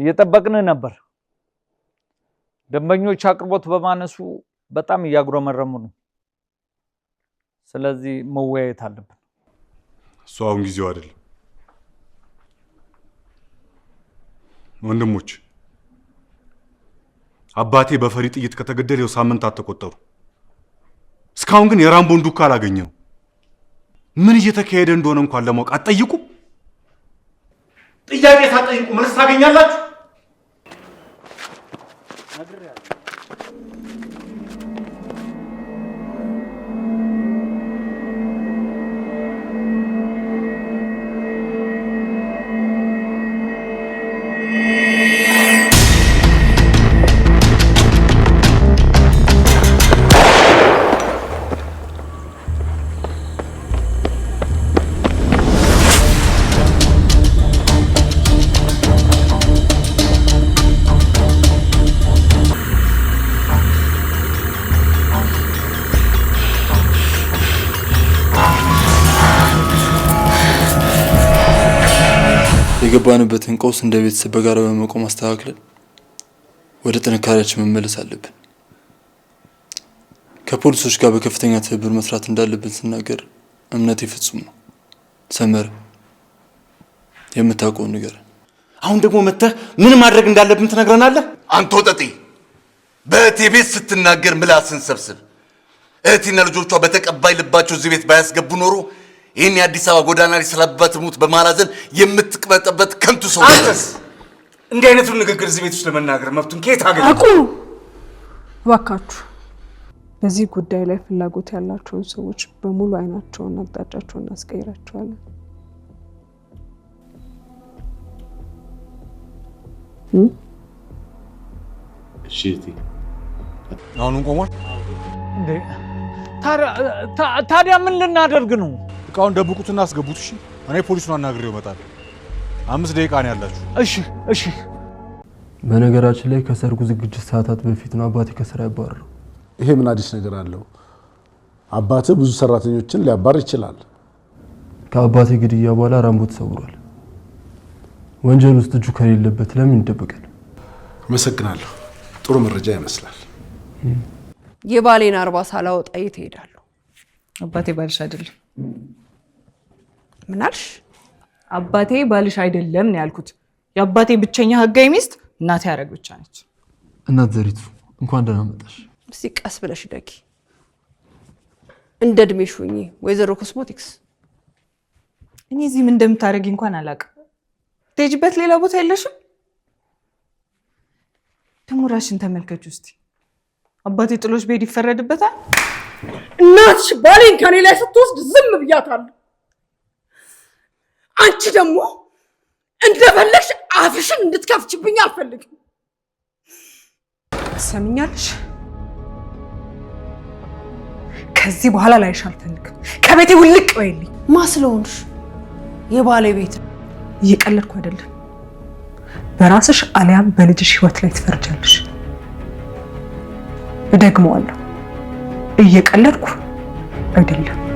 እየጠበቅን ነበር። ደንበኞች አቅርቦት በማነሱ በጣም እያጉረመረሙ ነው። ስለዚህ መወያየት አለብን። እሱ አሁን ጊዜው አይደለም። ወንድሞች አባቴ በፈሪ ጥይት ከተገደለ ይኸው ሳምንታት ተቆጠሩ። እስካሁን ግን የራምቦን ዱካ አላገኘነው። ምን እየተካሄደ እንደሆነ እንኳን ለማወቅ አትጠይቁ። ጥያቄ ሳትጠይቁ መልስ ታገኛላችሁ። Hadi rahat. የገባንበትን ቀውስ እንደ ቤተሰብ በጋራ በመቆም አስተካክለን ወደ ጥንካሬያችን መመለስ አለብን። ከፖሊሶች ጋር በከፍተኛ ትብብር መስራት እንዳለብን ስናገር እምነቴ ይፍጹም ነው። ሰመር የምታውቀውን ነገር አሁን ደግሞ መጥተህ ምን ማድረግ እንዳለብን ትነግረናለህ። አንተ ወጠጤ በእህቴ ቤት ስትናገር ምላስን ሰብስብ። እህቴና ልጆቿ በተቀባይ ልባቸው እዚህ ቤት ባያስገቡ ኖሮ ይህን የአዲስ አበባ ጎዳና ላይ ስለበትሙት በማላዘን የምትቅበጠበት ከንቱ ሰው። አንተስ እንዲህ አይነቱን ንግግር እዚህ ቤት ውስጥ ለመናገር መብቱን ከየት አገኘ? አቁሙ እባካችሁ። በዚህ ጉዳይ ላይ ፍላጎት ያላቸውን ሰዎች በሙሉ አይናቸውን፣ አቅጣጫቸውን እናስቀይራቸዋለን። እሺ አሁኑም ቆሟል። ታዲያ ምን ልናደርግ ነው? እቃውን ደብቁትና አስገቡት። እሺ፣ እኔ ፖሊሱን አናግሬው እመጣለሁ። አምስት ደቂቃ ነው ያላችሁ። እሺ፣ እሺ። በነገራችን ላይ ከሰርጉ ዝግጅት ሰዓታት በፊት ነው አባቴ ከስራ ይባረሩ። ይሄ ምን አዲስ ነገር አለው? አባቴ ብዙ ሰራተኞችን ሊያባር ይችላል። ከአባቴ ግድያ በኋላ ራምቦ ተሰውሯል። ወንጀል ውስጥ እጁ ከሌለበት ለምን ይደበቃል? አመሰግናለሁ። ጥሩ መረጃ ይመስላል። የባሌን አርባ ሳላወጣ የት እሄዳለሁ? አባቴ ባልሽ አይደለም። ምናልሽ? አባቴ ባልሽ አይደለም ነው ያልኩት። የአባቴ ብቸኛ ህጋዊ ሚስት እናቴ ያደረግ ብቻ ነች። እናት ዘሪቱ እንኳን ደህና መጣሽ። እስቲ ቀስ ብለሽ ደጊ። እንደ እድሜሽ ሹኝ ወይዘሮ ኮስሞቲክስ። እኔ እዚህ ምን እንደምታደርጊ እንኳን አላውቅም። ትሄጂበት ሌላ ቦታ የለሽም? ደግሞ ተመልከች ውስጥ አባቴ ጥሎች ቤድ ይፈረድበታል። እናትሽ ባሌን ከኔ ላይ ስትወስድ ዝም ብያታለሁ። አንቺ ደግሞ እንደፈለግሽ አፍሽን እንድትከፍችብኝ አልፈልግም። ሰምኛለሽ? ከዚህ በኋላ ላይሽ አልፈልግም። ከቤቴ ውልቅ በይልኝ። ማ ስለሆንሽ? የባሌ ቤት እየቀለድኩ አይደለም። በራስሽ አሊያም በልጅሽ ህይወት ላይ ትፈርጃለሽ። እደግመዋለሁ፣ እየቀለድኩ አይደለም።